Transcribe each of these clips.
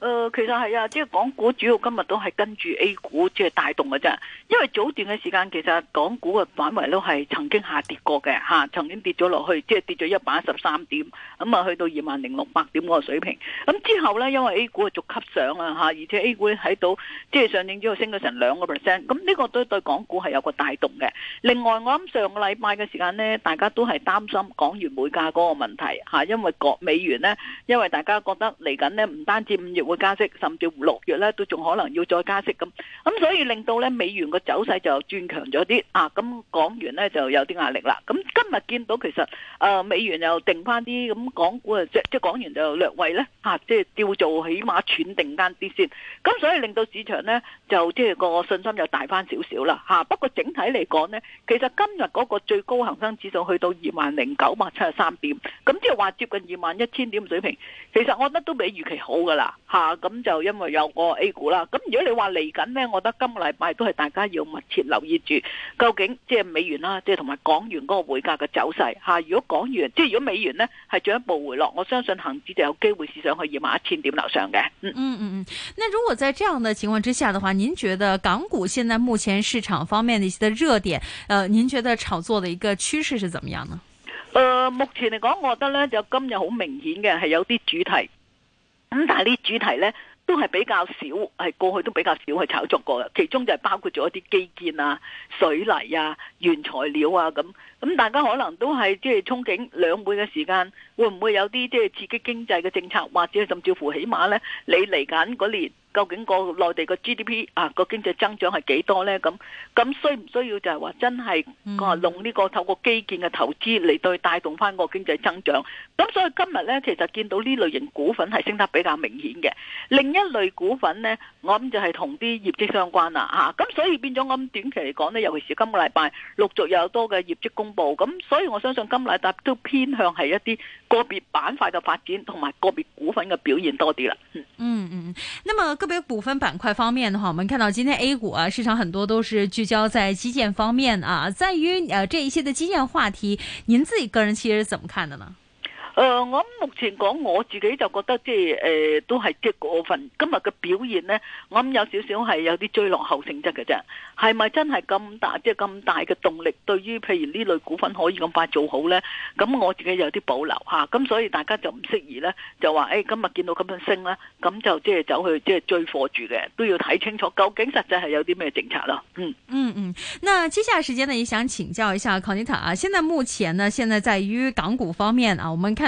誒、呃，其實係啊，即、就、係、是、港股主要今日都係跟住 A 股即係帶動嘅啫。因為早段嘅時間，其實港股嘅範圍都係曾經下跌過嘅吓、啊，曾經跌咗落去，即、就、係、是、跌咗一百一十三點，咁啊去到二萬零六百點嗰個水平。咁之後呢，因為 A 股續啊逐級上啊吓，而且 A 股喺度即係上證指數升咗成兩個 percent，咁呢個都對港股係有個帶動嘅。另外，我諗上個禮拜嘅時間呢，大家都係擔心港元匯價嗰個問題吓、啊，因為國美元呢，因為大家覺得嚟緊呢唔單止五月。會加息，甚至六月咧都仲可能要再加息咁，咁所以令到咧美元個走勢就轉強咗啲啊，咁港元咧就有啲壓力啦。咁今日見到其實誒、呃、美元又定翻啲，咁港股即即港元就略位咧，吓即叫做起碼喘定間啲先，咁所以令到市場咧就即、就是、個信心又大翻少少啦吓。不過整體嚟講咧，其實今日嗰個最高恒生指數去到二萬零九百七十三點，咁即話接近二萬一千點水平，其實我覺得都比預期好噶啦啊，咁就因為有個 A 股啦。咁如果你話嚟緊呢，我覺得今個禮拜都係大家要密切留意住，究竟即係美元啦、啊，即係同埋港元嗰個匯價嘅走勢吓、啊。如果港元即係如果美元呢，係進一步回落，我相信恒指就有機會試上去二萬一千點樓上嘅。嗯嗯嗯，嗯。那如果在這樣的情況之下的話，您覺得港股現在目前市場方面的一些熱點，呃，您覺得炒作的一個趨勢是怎麼樣呢？呃，目前嚟講，我覺得呢，就今日好明顯嘅係有啲主題。咁但係呢主題咧，都係比較少，係過去都比較少去炒作過嘅。其中就係包括咗一啲基建啊、水泥啊、原材料啊咁。咁大家可能都係即係憧憬兩會嘅時間，會唔會有啲即係刺激經濟嘅政策，或者甚至乎起碼咧，你嚟緊嗰年究竟個內地個 GDP 啊個經濟增長係幾多咧？咁咁需唔需要就係話真係啊用呢個透過基建嘅投資嚟對帶動翻個經濟增長？咁所以今日咧，其實見到呢類型股份係升得比較明顯嘅。另一類股份咧，我諗就係同啲業績相關啦吓。咁所以變咗我諗短期嚟講咧，尤其是今個禮拜陸續有多嘅業績公。咁，所以我相信今日都偏向係一啲個別板塊嘅發展同埋個別股份嘅表現多啲啦。嗯嗯嗯。那麼個別股份板塊方面嘅話，我們看到今天 A 股啊，市場很多都是聚焦在基建方面啊，在於誒，啊，這一些嘅基建話題，您自己個人其實怎麼看的呢？誒、呃，我目前講我自己就覺得即係誒、呃，都係即係過分。今日嘅表現呢，我諗有少少係有啲追落後性質嘅啫。係咪真係咁大？即係咁大嘅動力，對於譬如呢類股份可以咁快做好呢？咁我自己有啲保留吓。咁、啊、所以大家就唔適宜呢，就話誒、欸、今日見到咁樣升呢，咁就即係走去即係追貨住嘅，都要睇清楚究竟實際係有啲咩政策咯。嗯嗯嗯。那接下時間呢，也想請教一下 Conita 啊，現在目前呢，現在在於港股方面啊，我們看。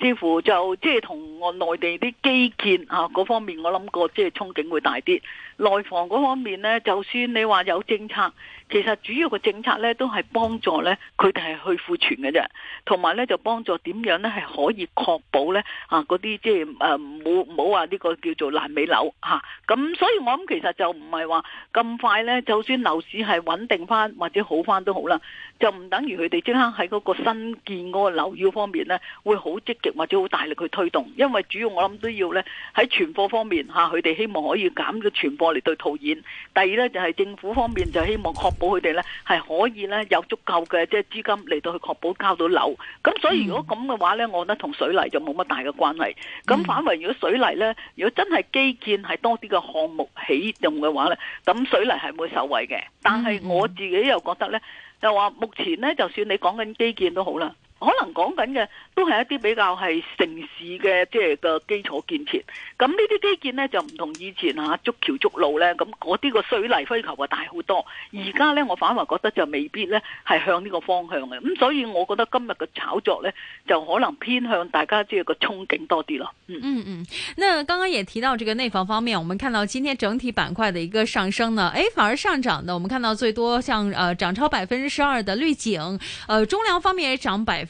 似乎就即係同我內地啲基建啊嗰方面我，我諗過即係憧憬會大啲。內房嗰方面咧，就算你話有政策，其實主要嘅政策咧都係幫助咧佢哋係去庫存嘅啫，同埋咧就幫助點樣咧係可以確保咧啊嗰啲即係誒唔好唔好話呢、就是呃、個叫做爛尾樓吓咁、啊、所以我諗其實就唔係話咁快咧，就算樓市係穩定翻或者好翻都好啦，就唔等於佢哋即刻喺嗰個新建嗰個樓宇方面咧會好積極。或者好大力去推動，因為主要我諗都要呢喺存貨方面嚇，佢哋希望可以減咗存貨嚟到套現。第二呢，就係、是、政府方面就希望確保佢哋呢係可以呢有足夠嘅即係資金嚟到去確保交到樓。咁所以如果咁嘅話呢，嗯、我覺得同水泥就冇乜大嘅關係。咁反為如果水泥呢，如果真係基建係多啲嘅項目起用嘅話呢，咁水泥係會受惠嘅。但係我自己又覺得呢，就話目前呢，就算你講緊基建都好啦。可能講緊嘅都係一啲比較係城市嘅即係嘅基礎建設，咁呢啲基建呢，就唔同以前啊，竹橋竹路咧，咁嗰啲個水泥需求啊大好多。而家咧我反而覺得就未必咧係向呢個方向嘅，咁所以我覺得今日嘅炒作咧就可能偏向大家即係個憧憬多啲咯。嗯嗯嗯，那剛剛也提到這個內房方面，我們看到今天整體板塊的一個上升呢，誒反而上漲呢，我們看到最多像誒漲、呃、超百分之十二的綠景，誒、呃、中糧方面也漲百分。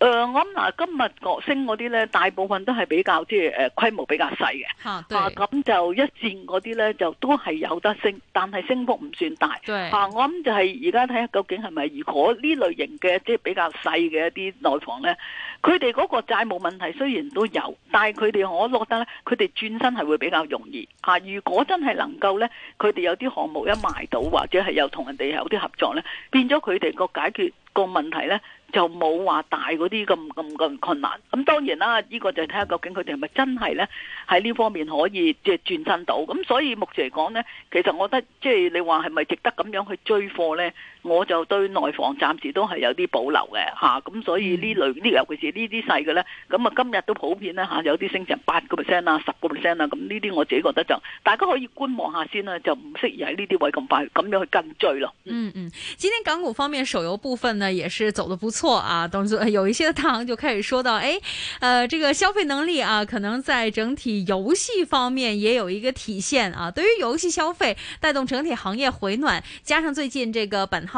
誒、呃，我諗嗱、啊，今日落升嗰啲咧，大部分都係比較即係誒，規、就是呃、模比較細嘅吓，咁、啊啊、就一線嗰啲咧，就都係有得升，但係升幅唔算大吓、啊。我諗就係而家睇下究竟係咪，如果呢類型嘅即係比較細嘅一啲內房咧，佢哋嗰個債務問題雖然都有，但係佢哋我覺得咧，佢哋轉身係會比較容易吓、啊。如果真係能夠咧，佢哋有啲項目一埋到，或者係又同人哋有啲合作咧，變咗佢哋個解決。個問題咧，就冇話大嗰啲咁咁咁困難，咁當然啦，呢、這個就睇下究竟佢哋係咪真係咧喺呢方面可以即係轉身到，咁所以目前嚟講咧，其實我覺得即係、就是、你話係咪值得咁樣去追貨咧？我就對內房暫時都係有啲保留嘅嚇，咁、啊、所以呢類呢尤其是呢啲細嘅咧，咁啊今日都普遍咧嚇有啲升成八個 percent 啊，十個 percent 啊。咁呢啲我自己覺得就大家可以觀望一下先啦，就唔適宜喺呢啲位咁快咁樣去跟追咯。嗯嗯，嗯，今天港股方面，手遊部分呢也是走得不錯啊，當時有一些大行就開始說到，誒，呃，這個消費能力啊，可能在整體遊戲方面也有一個體現啊。對於遊戲消費帶動整體行業回暖，加上最近這個本行。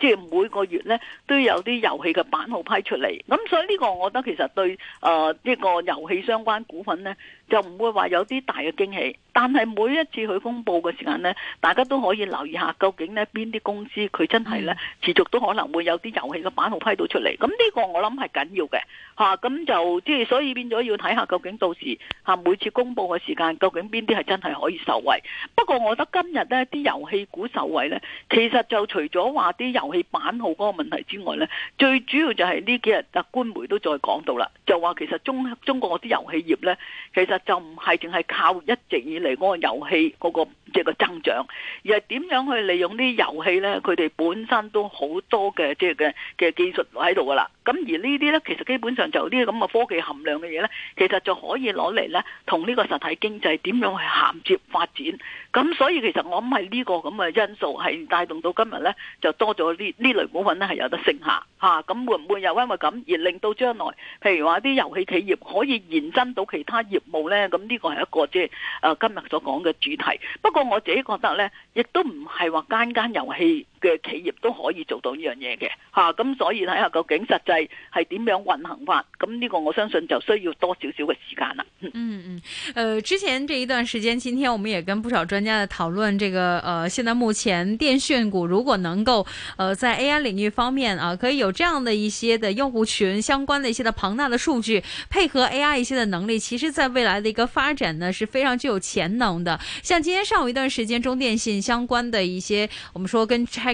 即係每個月咧都有啲遊戲嘅版號批出嚟，咁所以呢個我覺得其實對誒一、呃這個遊戲相關股份咧就唔會話有啲大嘅驚喜，但係每一次佢公布嘅時間咧，大家都可以留意下究竟咧邊啲公司佢真係咧持續都可能會有啲遊戲嘅版號批到出嚟，咁呢個我諗係緊要嘅吓，咁、啊、就即係所以變咗要睇下究竟到時吓、啊、每次公布嘅時間究竟邊啲係真係可以受惠。不過我覺得今日咧啲遊戲股受惠咧，其實就除咗話啲遊喺版號嗰個問題之外呢，最主要就係呢幾日啊官媒都再講到啦，就話其實中中國嗰啲遊戲業呢，其實就唔係淨係靠一直以嚟嗰個遊戲嗰個即係個增長，而係點樣去利用啲遊戲呢？佢哋本身都好多嘅即係嘅嘅技術喺度噶啦。咁而呢啲呢，其實基本上就呢啲咁嘅科技含量嘅嘢呢，其實就可以攞嚟呢，同呢個實體經濟點樣去銜接發展。咁所以其實我諗係呢個咁嘅因素係帶動到今日呢，就多咗。呢呢類股份咧，係有得升下嚇，咁、啊、會唔會又因為咁而令到將來，譬如話啲遊戲企業可以延伸到其他業務咧？咁呢個係一個即係誒今日所講嘅主題。不過我自己覺得咧，亦都唔係話間間遊戲。嘅企業都可以做到呢樣嘢嘅，吓，咁所以睇下究竟實際係點樣運行法，咁呢個我相信就需要多少少嘅時間啦。嗯嗯，誒、呃，之前這一段時間，今天我們也跟不少專家的討論，這個，誒、呃，現在目前電訊股如果能夠，誒、呃，在 AI 領域方面啊，可以有這樣的一些的用戶群相關的一些的龐大的數據配合 AI 一些的能力，其實在未來的一個發展呢是非常具有潛能的。像今天上午一段時間，中電信相關的一些，我們說跟拆。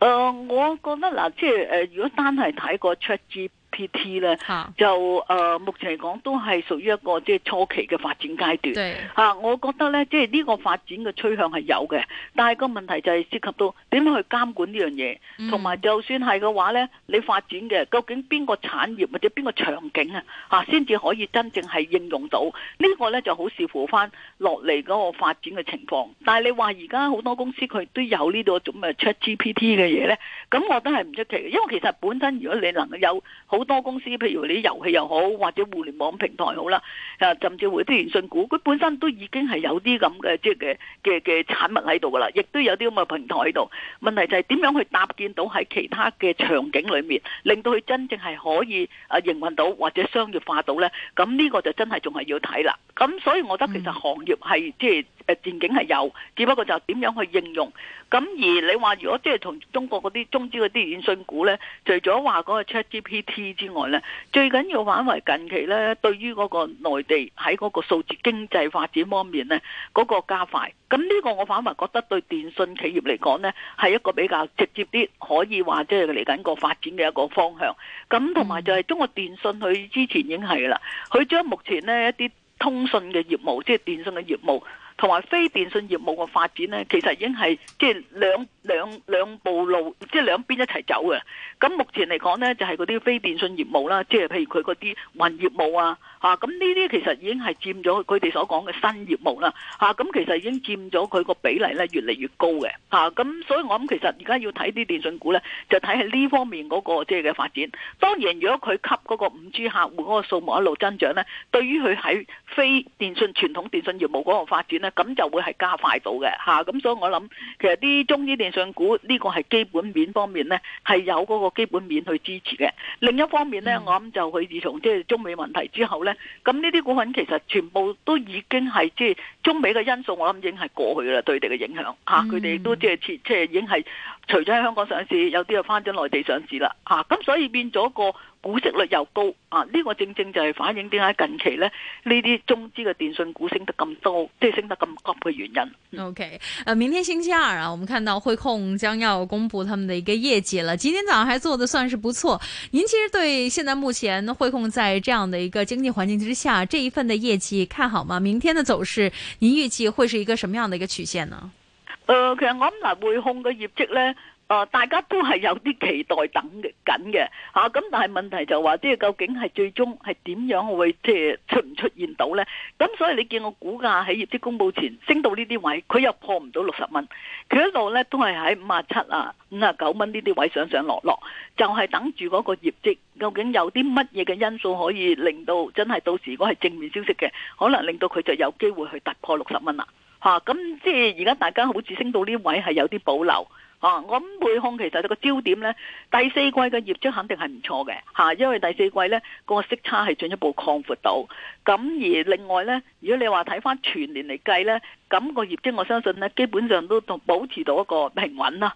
誒、呃，我覺得嗱，即係誒，如、呃、果單係睇個出資。p T 咧就誒、呃、目前嚟講都係屬於一個即係初期嘅發展階段吓、啊，我覺得咧即係呢、就是、個發展嘅趨向係有嘅，但係個問題就係涉及到點樣去監管呢樣嘢，同、嗯、埋就算係嘅話咧，你發展嘅究竟邊個產業或者邊個場景啊吓，先至可以真正係應用到、這個、呢個咧就好視乎翻落嚟嗰個發展嘅情況。但係你話而家好多公司佢都有呢度種嘅 Chat GPT 嘅嘢咧，咁我都係唔出奇嘅，因為其實本身如果你能夠有好。好多公司，譬如你啲遊戲又好，或者互聯網平台好啦，啊，甚至乎啲電訊股，佢本身都已經係有啲咁嘅，即係嘅嘅嘅產物喺度噶啦，亦都有啲咁嘅平台喺度。問題就係點樣去搭建到喺其他嘅場景裏面，令到佢真正係可以啊營運到或者商業化到咧？咁呢個就真係仲係要睇啦。咁所以我覺得其實行業係即係。前景係有，只不過就點樣去應用。咁而你話如果即係同中國嗰啲中資嗰啲電信股呢，除咗話嗰個 ChatGPT 之外呢，最緊要反為近期呢，對於嗰個內地喺嗰個數字經濟發展方面呢，嗰個加快。咁呢個我反為覺得對電信企業嚟講呢，係一個比較直接啲可以話即係嚟緊個發展嘅一個方向。咁同埋就係中國電信佢之前已經係啦，佢將目前呢一啲通訊嘅業務，即係電信嘅業務。同埋非電信業務嘅發展咧，其實已經係即係兩兩兩步路，即係兩邊一齊走嘅。咁目前嚟講咧，就係嗰啲非電信業務啦，即係譬如佢嗰啲雲業務啊。吓，咁呢啲其實已經係佔咗佢哋所講嘅新業務啦，吓咁其實已經佔咗佢個比例咧越嚟越高嘅，吓咁所以我諗其實而家要睇啲電信股咧，就睇下呢方面嗰個即係嘅發展。當然如果佢吸嗰個五 G 客戶嗰個數目一路增長咧，對於佢喺非電信傳統電信業務嗰個發展咧，咁就會係加快到嘅，吓咁所以我諗其實啲中資電信股呢個係基本面方面咧係有嗰個基本面去支持嘅。另一方面咧，我諗就佢自從即係中美問題之後咧。咁呢啲股份其實全部都已經係即係中美嘅因素，我諗已經係過去嘅啦，對佢哋嘅影響。吓、嗯，佢哋都即係切即係已經係除咗喺香港上市，有啲又返咗內地上市啦。吓、啊，咁所以變咗個。股息率又高啊！呢個正正就係反映點解近期咧呢啲中資嘅電信股升得咁多，即係升得咁急嘅原因。OK，誒，明天星期二啊，我們看到匯控將要公布他們的一個業績了。今天早上還做得算是不錯。您其實對現在目前匯控在這樣的一個經濟環境之下，這一份的業績看好嗎？明天的走勢，您預計會是一個什麼樣的一個曲線呢？誒、呃，其實我諗嗱，匯控嘅業績呢。啊、大家都係有啲期待等緊嘅，吓、啊、咁，但係問題就話，即、就、係、是、究竟係最終係點樣會即係、就是、出唔出現到呢？咁所以你見我股價喺業績公布前升到呢啲位，佢又破唔到六十蚊，佢一路呢都係喺五十七啊、五十九蚊呢啲位上上落落，就係、是、等住嗰個業績究竟有啲乜嘢嘅因素可以令到真係到時如果係正面消息嘅，可能令到佢就有機會去突破六十蚊啦，吓咁即係而家大家好似升到呢位係有啲保留。啊，咁匯控其實個焦點呢，第四季嘅業績肯定係唔錯嘅，吓、啊，因為第四季呢、個息差係進一步擴闊到，咁而另外呢，如果你話睇翻全年嚟計呢，咁、個業績我相信呢基本上都保持到一個平穩啦。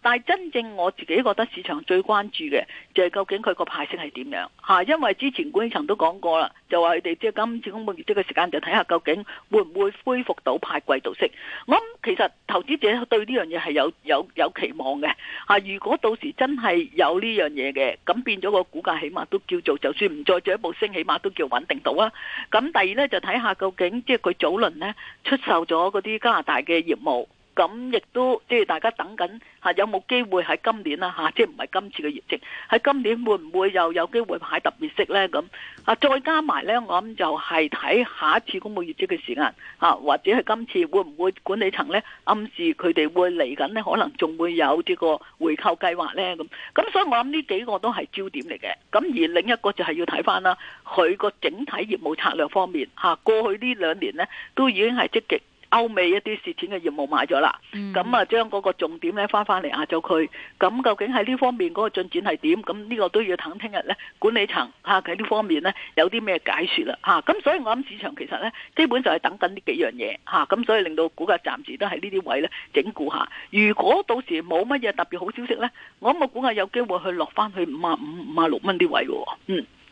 但係真正我自己覺得市場最關注嘅就係究竟佢個派息係點樣吓，因為之前管理層都講過啦，就話佢哋即係今次公布業績嘅時間就睇下究竟會唔會恢復到派季度息。我諗其實投資者對呢樣嘢係有有、有期望嘅吓。如果到時真係有呢樣嘢嘅，咁變咗個股價起碼都叫做就算唔再進一步升，起碼都叫穩定到啦。咁第二呢，就睇下究竟即係佢早輪呢，出售咗嗰啲加拿大嘅業務。咁亦都即係、就是、大家等緊吓，有冇機會喺今年啦吓？即係唔係今次嘅業績？喺今年會唔會又有機會派特別息呢？咁啊，再加埋呢，我諗就係睇下一次公布業績嘅時間啊，或者係今次會唔會管理層呢暗示佢哋會嚟緊呢，可能仲會有呢個回購計劃呢？咁咁，所以我諗呢幾個都係焦點嚟嘅。咁而另一個就係要睇翻啦，佢個整體業務策略方面吓，過去呢兩年呢，都已經係積極。歐美一啲蝕錢嘅業務賣咗啦，咁、嗯、啊將嗰個重點咧翻翻嚟亞洲區。咁究竟喺呢方面嗰個進展係點？咁呢個都要等聽日咧，管理層吓喺呢方面咧有啲咩解説啦嚇。咁、啊、所以我諗市場其實咧基本就係等緊呢幾樣嘢嚇，咁、啊、所以令到股價暫時都喺呢啲位咧整固下。如果到時冇乜嘢特別好消息咧，我諗我估計有機會去落翻去五啊五五啊六蚊啲位咯。嗯。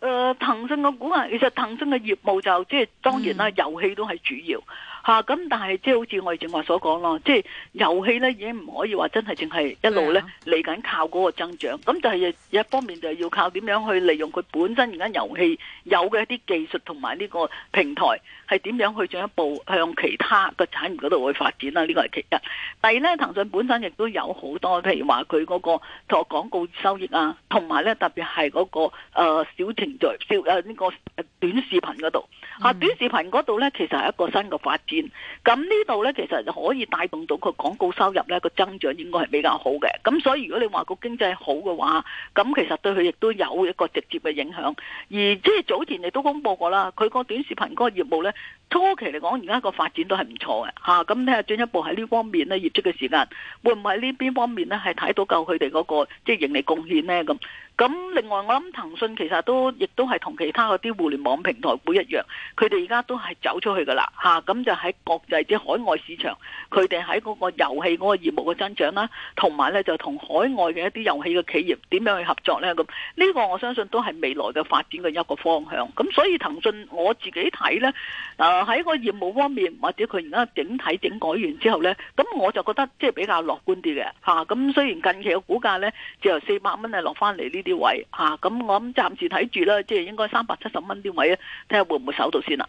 誒、呃，騰訊個股啊，其實騰訊嘅業務就即係當然啦，嗯、遊戲都係主要。吓、啊，咁但係即係好似我哋正話所講咯，即係遊戲咧已經唔可以話真係淨係一路咧嚟緊靠嗰個增長，咁就係一方面就要靠點樣去利用佢本身而家遊戲有嘅一啲技術同埋呢個平台，係點樣去進一步向其他個產業嗰度去發展啦？呢、這個係其一。第二咧，騰訊本身亦都有好多，譬如話佢嗰個作廣告收益啊，同埋咧特別係嗰個誒、呃、小程序、小誒呢、啊這個、啊、短視頻嗰度。嗯，短視頻嗰度呢，其實係一個新嘅發展，咁呢度呢，其實可以帶動到佢廣告收入呢個增長，應該係比較好嘅。咁所以如果你話個經濟好嘅話，咁其實對佢亦都有一個直接嘅影響。而即係早前亦都公佈過啦，佢個短視頻嗰個業務呢。初期嚟講，而家個發展都係唔錯嘅吓。咁你係進一步喺呢方面咧，業績嘅時間會唔會喺呢邊方面咧，係睇到夠佢哋嗰個即係、就是、盈利貢獻呢。咁咁另外，我諗騰訊其實都亦都係同其他嗰啲互聯網平台會一樣，佢哋而家都係走出去㗎啦吓。咁就喺國際即海外市場，佢哋喺嗰個遊戲嗰個業務嘅增長啦，同埋咧就同海外嘅一啲遊戲嘅企業點樣去合作咧？咁呢個我相信都係未來嘅發展嘅一個方向。咁所以騰訊我自己睇咧，啊～喺個業務方面或者佢而家整體整改完之後呢，咁我就覺得即係比較樂觀啲嘅吓。咁、啊、雖然近期嘅股價咧就由四百蚊啊落翻嚟呢啲位吓，咁我諗暫時睇住啦，即係應該三百七十蚊啲位咧，睇下會唔會守到先啦。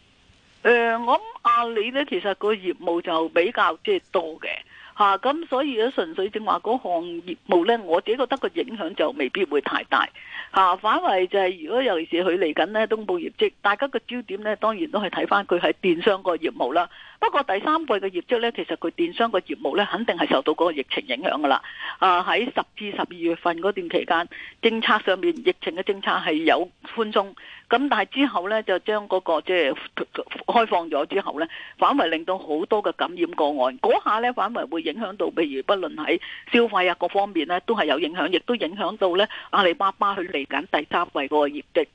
誒、呃，我諗阿里咧，其實個業務就比較即係、就是、多嘅，吓、啊、咁所以咧，純粹正話嗰項業務呢，我自己覺得個影響就未必會太大，吓、啊、反為就係如果尤其是佢嚟緊呢公布業績，大家個焦點呢，當然都係睇翻佢係電商個業務啦。不過第三季嘅業績呢，其實佢電商個業務呢，肯定係受到嗰個疫情影響噶啦。啊，喺十至十二月份嗰段期間，政策上面疫情嘅政策係有寬鬆。咁但係之後呢，就將嗰個即係開放咗之後呢，反為令到好多嘅感染個案，嗰下呢，反為會影響到，譬如不論喺消費啊、各方面呢，都係有影響，亦都影響到呢阿里巴巴佢嚟緊第三季嗰個業績。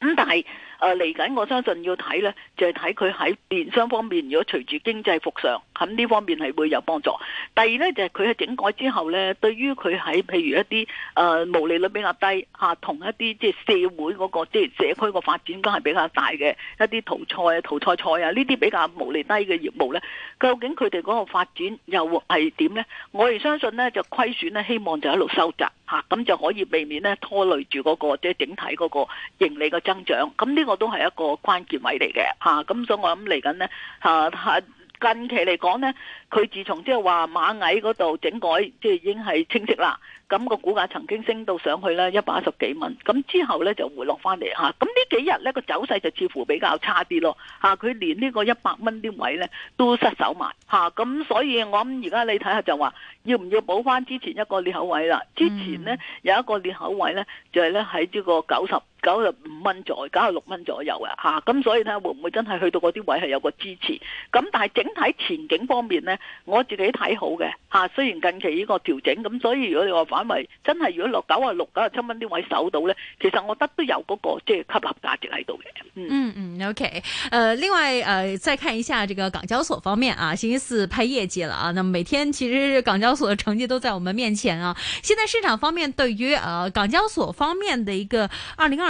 咁但係，誒嚟緊，我相信要睇呢，就係睇佢喺電商方面，如果隨住經濟復常，咁呢方面係會有幫助。第二呢，就係佢喺整改之後呢，對於佢喺譬如一啲誒毛利率比較低、啊、同一啲即係社會嗰、那個即係、就是、社區個發展，關係比較大嘅一啲淘菜、菜、菜啊、淘菜菜啊呢啲比較毛利低嘅業務呢，究竟佢哋嗰個發展又係點呢？我哋相信呢，就虧損呢，希望就喺度收窄嚇，咁、啊、就可以避免呢拖累住嗰、那個即係、就是、整體嗰個盈利嘅增長。咁呢、這個。我都係一個關鍵位嚟嘅吓，咁所以我諗嚟緊咧吓，近期嚟講呢，佢自從即係話螞蟻嗰度整改，即係已經係清晰啦。咁、那個股價曾經升到上去呢一百一十幾蚊，咁之後呢就回落翻嚟吓。咁呢幾日呢個走勢就似乎比較差啲咯吓，佢連這個100元呢個一百蚊啲位呢都失守埋。吓，咁所以我諗而家你睇下就話，要唔要補翻之前一個裂口位啦？之前呢、嗯、有一個裂口位呢，就係呢喺呢個九十。九十五蚊左右，九十六蚊左右，左右啊。吓，咁所以咧，會唔會真係去到嗰啲位係有個支持？咁、啊、但係整體前景方面呢，我自己睇好嘅，吓、啊。雖然近期呢個調整，咁、啊、所以如果你話反為真係，如果落九啊六、九啊七蚊啲位守到呢，其實我覺得都有嗰、那個即係、就是、吸納價值喺度嘅。嗯嗯，OK，誒、呃，另外，誒、呃，再看一下這個港交所方面啊，星期四派業績啦。啊。那麼每天其實港交所嘅成績都在我們面前啊。現在市場方面對於啊、呃、港交所方面的一個二零二。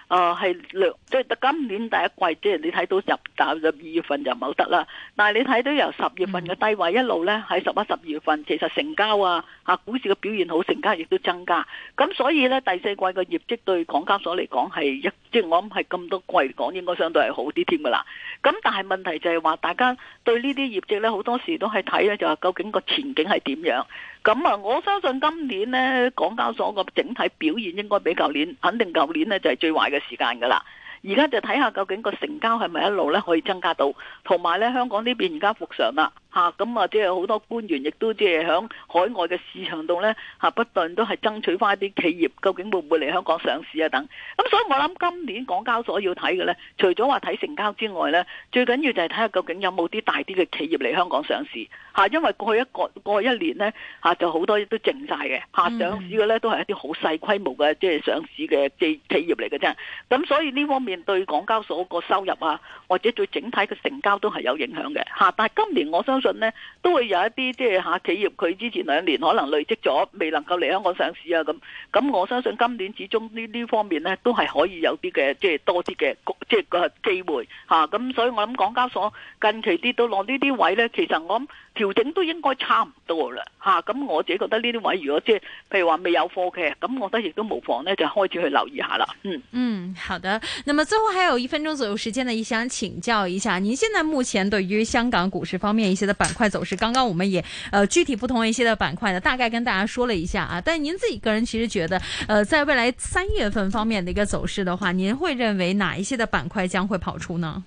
啊、呃，係即、就是、今年第一季，即係你睇到入打二月份就冇得啦。但係你睇到由十月份嘅低位一路呢，喺十一、十二月份，其實成交啊，股市嘅表現好，成交亦都增加。咁所以呢，第四季嘅業績對港交所嚟講係一，即係我諗係咁多季嚟講，應該相對係好啲添㗎啦。咁但係問題就係話，大家對呢啲業績呢，好多時都係睇呢，就係究竟個前景係點樣？咁啊，我相信今年呢，港交所個整體表現應該比舊年，肯定舊年呢就係最壞嘅。時間噶啦，而家就睇下究竟個成交係咪一路咧可以增加到，同埋咧香港呢邊而家復常啦。吓咁啊，即係好多官員亦都即係喺海外嘅市場度咧嚇不斷都係爭取翻一啲企業究竟會唔會嚟香港上市啊等。咁所以我諗今年港交所要睇嘅咧，除咗話睇成交之外咧，最緊要就係睇下究竟有冇啲大啲嘅企業嚟香港上市嚇。因為過去一個過去一年咧嚇就好多都靜晒嘅嚇，上市嘅咧都係一啲好細規模嘅即係上市嘅即企業嚟嘅啫。咁所以呢方面對港交所個收入啊或者對整體嘅成交都係有影響嘅，但係今年我想。相信呢都會有一啲即係吓企業，佢之前兩年可能累積咗，未能夠嚟香港上市啊咁。咁我相信今年始終呢呢方面呢，都係可以有啲嘅即係多啲嘅即係個機會吓，咁所以我諗港交所近期跌到落呢啲位呢，其實我。調整都應該差唔多啦，吓、啊、咁我自己覺得呢啲位如果即係，譬如話未有貨嘅，咁我覺得亦都無妨呢，就開始去留意下啦。嗯嗯，好的。那麼最後還有一分鐘左右時間呢，亦想請教一下，您現在目前對於香港股市方面一些的板塊走勢，剛剛我們也，呃，具體不同一些的板塊呢，大概跟大家說了一下啊。但您自己個人其實覺得，呃，在未來三月份方面的一個走勢的話，您會認為哪一些的板塊將會跑出呢？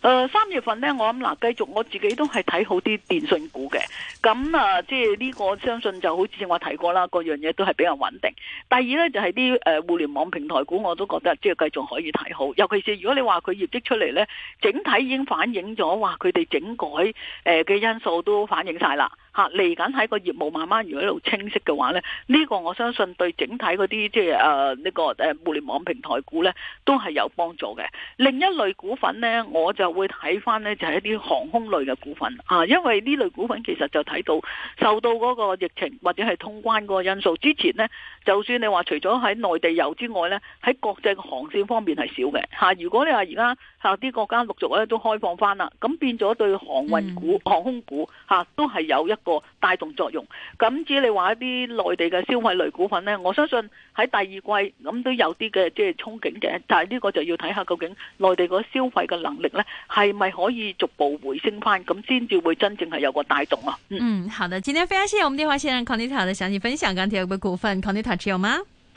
誒、呃，三月份咧，我諗嗱，繼續我自己都係睇好啲電信股嘅。咁啊，即係呢個相信就好似我提過啦，各樣嘢都係比較穩定。第二咧就係啲誒互聯網平台股，我都覺得即係繼續可以睇好，尤其是如果你話佢業績出嚟咧，整體已經反映咗，話佢哋整改誒嘅因素都反映晒啦。嚟緊喺個業務慢慢如果喺度清晰嘅話咧，呢、呢個我相信對整體嗰啲即係誒呢個誒互聯網平台股呢都係有幫助嘅。另一類股份呢，我就會睇翻呢就係一啲航空類嘅股份啊，因為呢類股份其實就睇到受到嗰個疫情或者係通關嗰個因素。之前呢，就算你話除咗喺內地遊之外呢，喺國際航線方面係少嘅嚇、啊。如果你話而家啲國家陸續咧都開放翻啦，咁變咗對航運股、嗯、航空股嚇、啊、都係有一。個帶動作用，咁至於你話一啲內地嘅消費類股份咧，我相信喺第二季咁都有啲嘅即係憧憬嘅，但係呢個就要睇下究竟內地個消費嘅能力咧，係咪可以逐步回升返，咁先至會真正係有個帶動啊。嗯，好啦，今天非常多謝我們電話線上康尼塔的詳細分享，鋼鐵股股份康尼塔持有嗎？